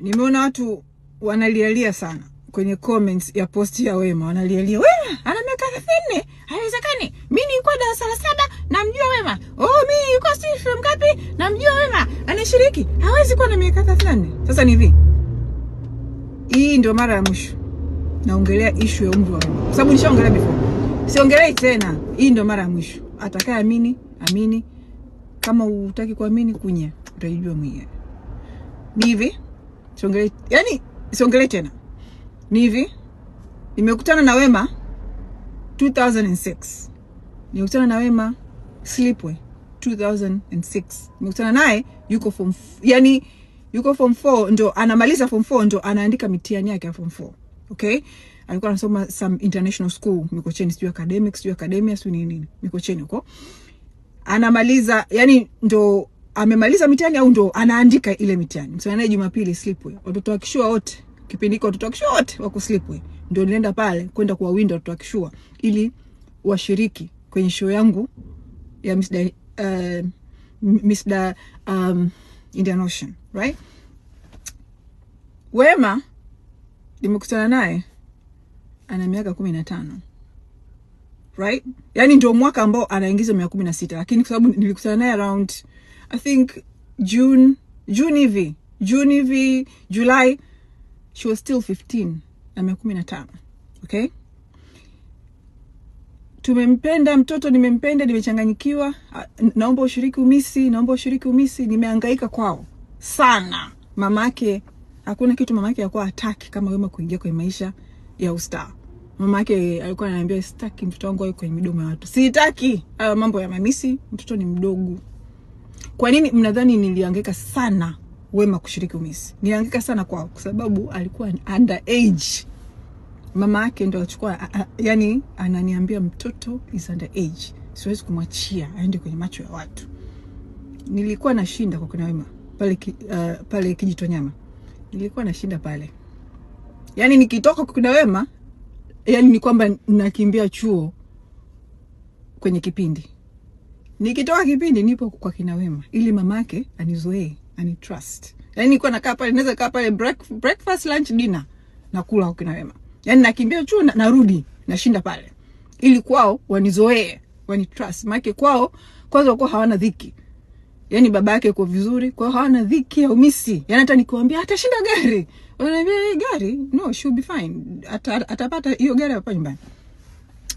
nimeona watu wanalialia sana kwenye comments ya posti ya Wema, wanalialia Wema ana miaka thelathini, haiwezekani. Mi nilikuwa darasa la saba namjua Wema. Oh, mi nilikuwa si shule ngapi namjua Wema anashiriki, hawezi kuwa na miaka thelathini. Sasa ni hivi, hii ndio mara ya mwisho naongelea ishu ya umri wa Wema, kwa sababu nishaongelea before, siongelei tena. Hii ndio mara ya mwisho. Atakaye amini amini, kama utaki kuamini kunya, utajijua mwenyewe. Ni hivi siongele, yani siongelee tena. Ni hivi, nimekutana na Wema 2006 nimekutana na Wema slipwe 2006 nimekutana naye, yuko form yani yuko form 4 ndo anamaliza form 4 ndo anaandika mitihani yake ya form 4 okay. Alikuwa anasoma some international school Mikocheni, sijui academics sijui academia sijui nini nini Mikocheni huko, anamaliza yani ndo amemaliza mitihani au ndo anaandika ile mitihani. Msana naye Jumapili slipwe. Watoto wa kishua wote. Kipindi hiko watoto wa kishua wote wako slipwe. Ndio nilienda pale kwenda kuwawinda watoto wa kishua ili washiriki kwenye show yangu ya Mr. uh, Mr. um, Indian Ocean, right? Wema nimekutana naye ana miaka kumi na tano right? Yani ndio mwaka ambao anaingiza miaka kumi na sita lakini kwa sababu nilikutana naye around I think June, June hivi, June hivi, July, she was still 15 na miaka kumi na tano. Okay, tumempenda mtoto, nimempenda, nimechanganyikiwa, naomba ushiriki umisi, naomba ushiriki umisi, nimehangaika kwao sana. Mamake, hakuna kitu mamake alikuwa hataki kama Wema kuingia kwenye maisha ya ustaa. Mamake alikuwa ananiambia sitaki mtoto wangu awe kwenye midomo ya watu, sitaki hayo mambo ya mamisi, mtoto ni mdogo. Kwa nini mnadhani nilihangaika sana Wema kushiriki umisi? Nilihangaika sana kwao kwa sababu alikuwa age. Mama yake ndo achukua, yani ananiambia mtoto is age, siwezi kumwachia aende kwenye macho ya watu. Nilikuwa nashinda kwa kina Wema pale, uh, pale Kijitonyama nilikuwa nashinda pale, yani nikitoka kwa kina Wema yani ni kwamba nakimbia chuo kwenye kipindi nikitoka kipindi nipo kwa kina Wema ili mamake anizoee ani trust. Yani nilikuwa nakaa pale, naweza kaa pale break, breakfast, lunch, dinner nakula kwa kina Wema, yani nakimbia chuo na, narudi nashinda pale ili kwao wanizoee wani trust. maana kwao kwanza wako hawana dhiki yani baba yake yuko vizuri, kwao hawana dhiki au misi. Yani hata nikiwaambia atashinda gari, wanaambia eh, gari no she will be fine, atapata hiyo gari hapa nyumbani.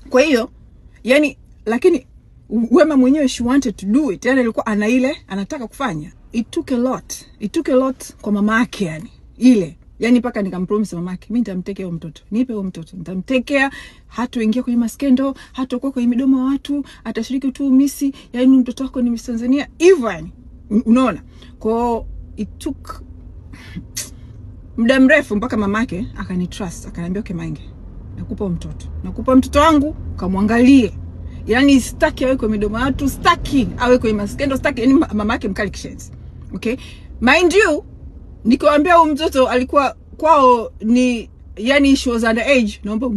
Kwa hiyo yani, lakini Wema mwenyewe she wanted to do it, yani alikuwa ana ile anataka kufanya. It took a lot, it took a lot kwa mama yake, yani ile yani mpaka nikampromise mama yake, mimi nitamtekea huyo mtoto, nipe huyo mtoto, nitamtekea, hataingia kwenye maskendo, hatakuwa kwenye midomo ya watu, atashiriki tu misi, yani mtoto wako ni Miss Tanzania hivyo, yani unaona. Kwa it took muda mrefu mpaka mamake akanitrust, akaniambia, okay, Mange, nakupa mtoto, nakupa mtoto wangu, kamwangalie yani staki awe kwa midomo ya watu, awe kwenye maskendo, staki yani mama yake mkali kishenzi. Okay, mind you, nikiwaambia huyu mtoto alikuwa kwao ni yani she was under age, naomba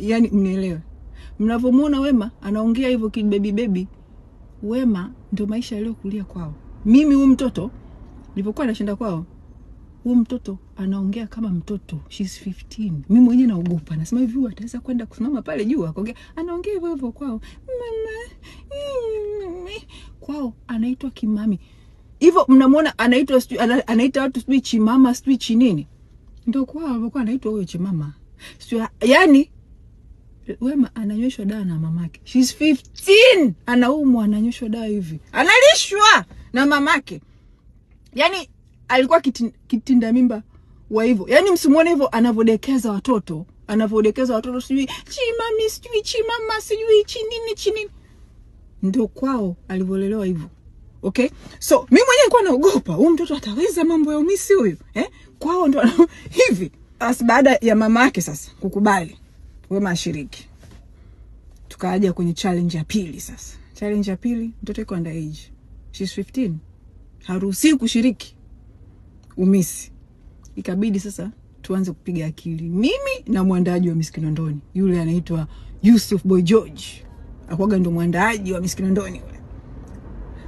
yani mnielewe. Mnavyomuona Wema anaongea hivyo baby baby, Wema ndio maisha yaliyokulia kwao. Mimi huyu mtoto nilipokuwa nashinda kwao huyu mtoto anaongea kama mtoto, she's 15. Mimi mwenyewe naogopa, nasema hivi huyu ataweza kwenda kusimama pale juu akaongea? Anaongea hivyo hivyo kwao, mama kwao anaitwa kimami hivyo, mnamwona anaitwa anaita watu sijui chimama sijui chi nini, ndio kwao alivyokuwa anaitwa huyo chimama, sio yani Wema ananyweshwa dawa na mamake, she's 15, anaumwa, ananyweshwa dawa hivi, analishwa na mamake yani alikuwa kitinda mimba wa hivyo, yaani msimuone hivyo anavodekeza watoto, anavodekeza watoto, sijui chimami, sijui chimama, sijui chinini chinini, ndio kwao alivyolelewa hivyo. Okay, so mimi mwenyewe nilikuwa naogopa huyu mtoto ataweza mambo ya umisi huyu eh? Kwao ndo hivi. As baada ya mama yake sasa kukubali Wema ashiriki, tukaja kwenye challenge ya pili. Sasa challenge ya pili, mtoto yuko under age, she's 15, haruhusiwi kushiriki umisi, ikabidi sasa tuanze kupiga akili, mimi na mwandaaji wa Miss Kinondoni yule anaitwa Yusuf Boy George, akwaga ndo mwandaaji wa Miss Kinondoni yule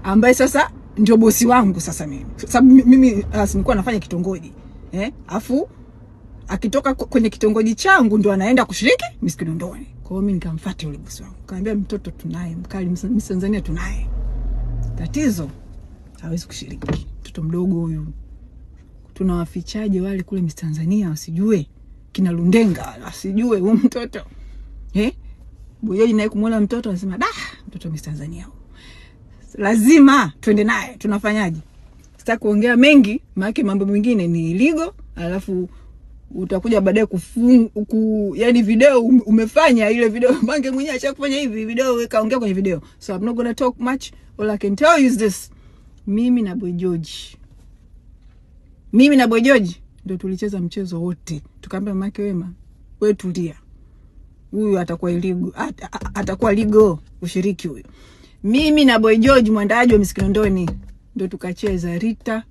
ambaye sasa ndio bosi wangu sasa mimi, sababu mimi nilikuwa ah, nafanya kitongoji eh, afu akitoka kwenye kitongoji changu ndo anaenda kushiriki Miss Kinondoni. Kwa hiyo mimi nikamfuata yule bosi wangu, kaambia mtoto tunaye mkali, Miss Tanzania tunaye, tatizo hawezi kushiriki, mtoto mdogo huyu tunawafichaje wale kule Miss Tanzania wasijue kina Lundenga wasijue huyu mtoto eh? Bojaji naye kumwona mtoto anasema da, mtoto Miss Tanzania huyu, lazima twende naye. Tunafanyaje? Sitaki kuongea mengi, maana mambo mengine ni ligo, alafu utakuja baadaye ku yani video um-, umefanya ile video Mange mwenyewe kufanya hivi video kaongea kwenye video, so I'm not gonna talk much. All I can tell you is this, mimi na Boy George mimi na Bwejoji ndio tulicheza mchezo wote, tukaambia mamake Wema, we tulia, huyu atakuwa iligo, at, at, atakuwa ligo ushiriki huyu. Mimi na Bojoji mwandaaji wa Miskinondoni ndio tukacheza Rita,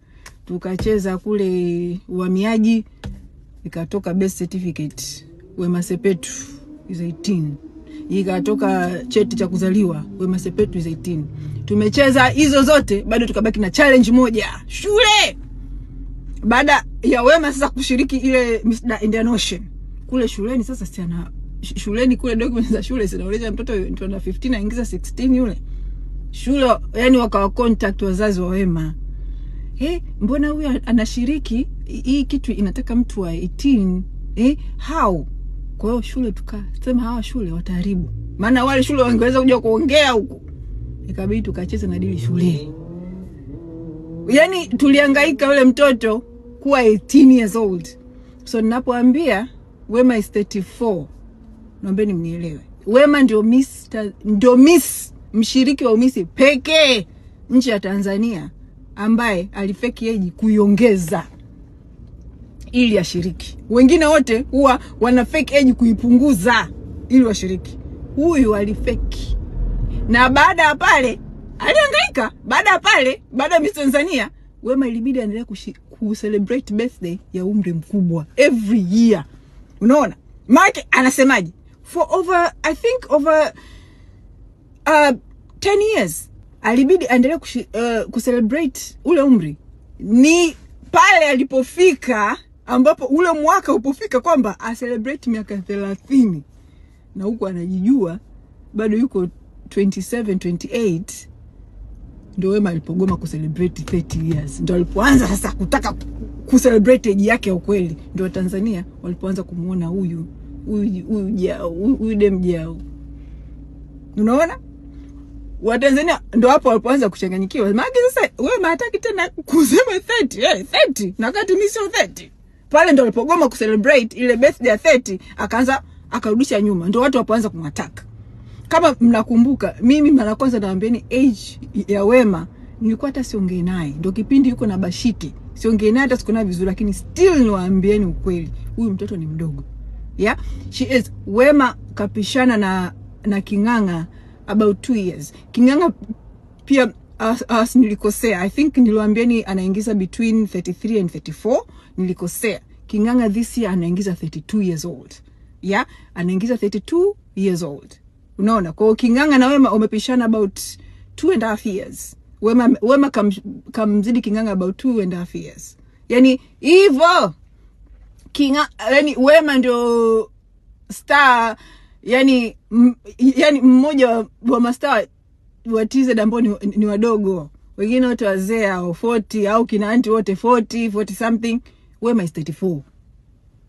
tukacheza kule uhamiaji, ikatoka best certificate Wema Sepetu is 18 ikatoka cheti cha kuzaliwa Wema Sepetu is 18. Tumecheza hizo zote bado tukabaki na challenge moja shule baada ya Wema sasa kushiriki ile Mr. Indian Ocean kule shuleni, sasa si ana shuleni kule documents za shule zinaonyesha mtoto mtu na 15 aingiza 16 yule shule, yani wakawa contact wazazi wa Wema eh, hey, mbona huyu anashiriki hii kitu inataka mtu wa 18 eh, hey, how? Kwa hiyo shule tukasema hawa shule wataharibu, maana wale shule wangeweza kuja kuongea huku, ikabidi tukacheza na dili shule, yani tuliangaika yule mtoto kuwa 18 years old. So ninapoambia Wema is 34, naombeni mnielewe. Wema ndio miss, ndio miss mshiriki wa umisi pekee nchi ya Tanzania ambaye alifeki age kuiongeza ili ashiriki. Wengine wote huwa wana fake age kuipunguza ili washiriki. Huyu alifeki, na baada ya pale alihangaika. Baada ya pale, baada ya Miss Tanzania Wema ilibidi aendelee kucelebrate birthday ya umri mkubwa every year unaona mark anasemaje for over i think over uh, 10 years alibidi aendelee uh, kucelebrate ule umri ni pale alipofika ambapo ule mwaka upofika kwamba acelebrate miaka thelathini na huku anajijua bado yuko 27 28 ndio Wema alipogoma kucelebrate 30 years, ndio alipoanza sasa kutaka kucelebrate age yake ya ukweli, ndio Watanzania walipoanza kumwona huyu huyu dem jao, unaona Watanzania ndio hapo walipoanza kuchanganyikiwa, maana sasa Wema hataki tena kusema 30 hey, 30 na wakati mimi sio 30. Pale ndio alipogoma kucelebrate ile birthday ya 30, akaanza akarudisha nyuma, ndio watu wapoanza kumwataka kama mnakumbuka, mimi mara kwanza naambieni age ya Wema nilikuwa hata siongee naye, ndio kipindi yuko na Bashiki, siongee naye hata sikuona vizuri, lakini still niwaambieni ukweli, huyu mtoto ni mdogo yeah? She is Wema kapishana na na King'ang'a about two years. King'ang'a pia as, as nilikosea, I think niliwaambieni anaingiza between 33 and 34, nilikosea. King'ang'a this year anaingiza 32 years old yeah, anaingiza 32 years old unaona kwao King'ang'a na Wema umepishana about two and a half years. Wema, Wema kam, kamzidi King'ang'a about two and a half years, yani hivyo King'ang'a, yani Wema ndio star yani m, yani mmoja wa, wa mastaa wa TZ ambao ni, ni wadogo wengine wote wazee au 40 au kina anti wote 40 40 something. Wema is 34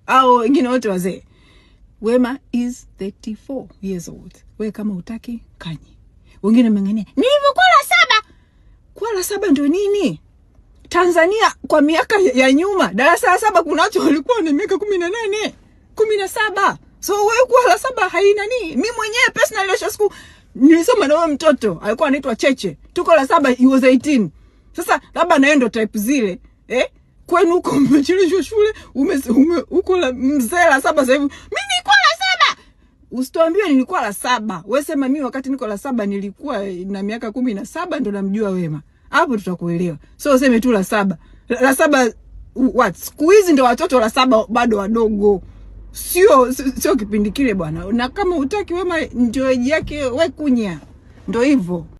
au wengine wote wazee Wema is 34 years old. We kama utaki kanye. Wengine mengine kwa la saba. Kwa la saba ndio nini? Tanzania kwa miaka ya nyuma darasa la saba kuna watu walikuwa na miaka kumi na nane kumi na saba so wewe kwa la saba haina nini. Mi mwenyewe personal Lasha siku, nilisoma na mtoto alikuwa anaitwa Cheche, tuko la saba, he was 18. Sasa labda naendo ndo type zile eh kwenu huko umecheleshwa shule, uko mzee la saba sa hivi. nilikuwa la saba, usitwambie nilikuwa la saba. Wewe sema wakati niko la saba nilikuwa na miaka kumi na saba ndo namjua Wema, hapo tutakuelewa. So useme tu la saba, la, la saba what? Siku hizi ndo watoto la saba bado wadogo Sio, sio kipindi kile bwana, na kama utaki Wema njoeji yake we kunya, ndo hivyo.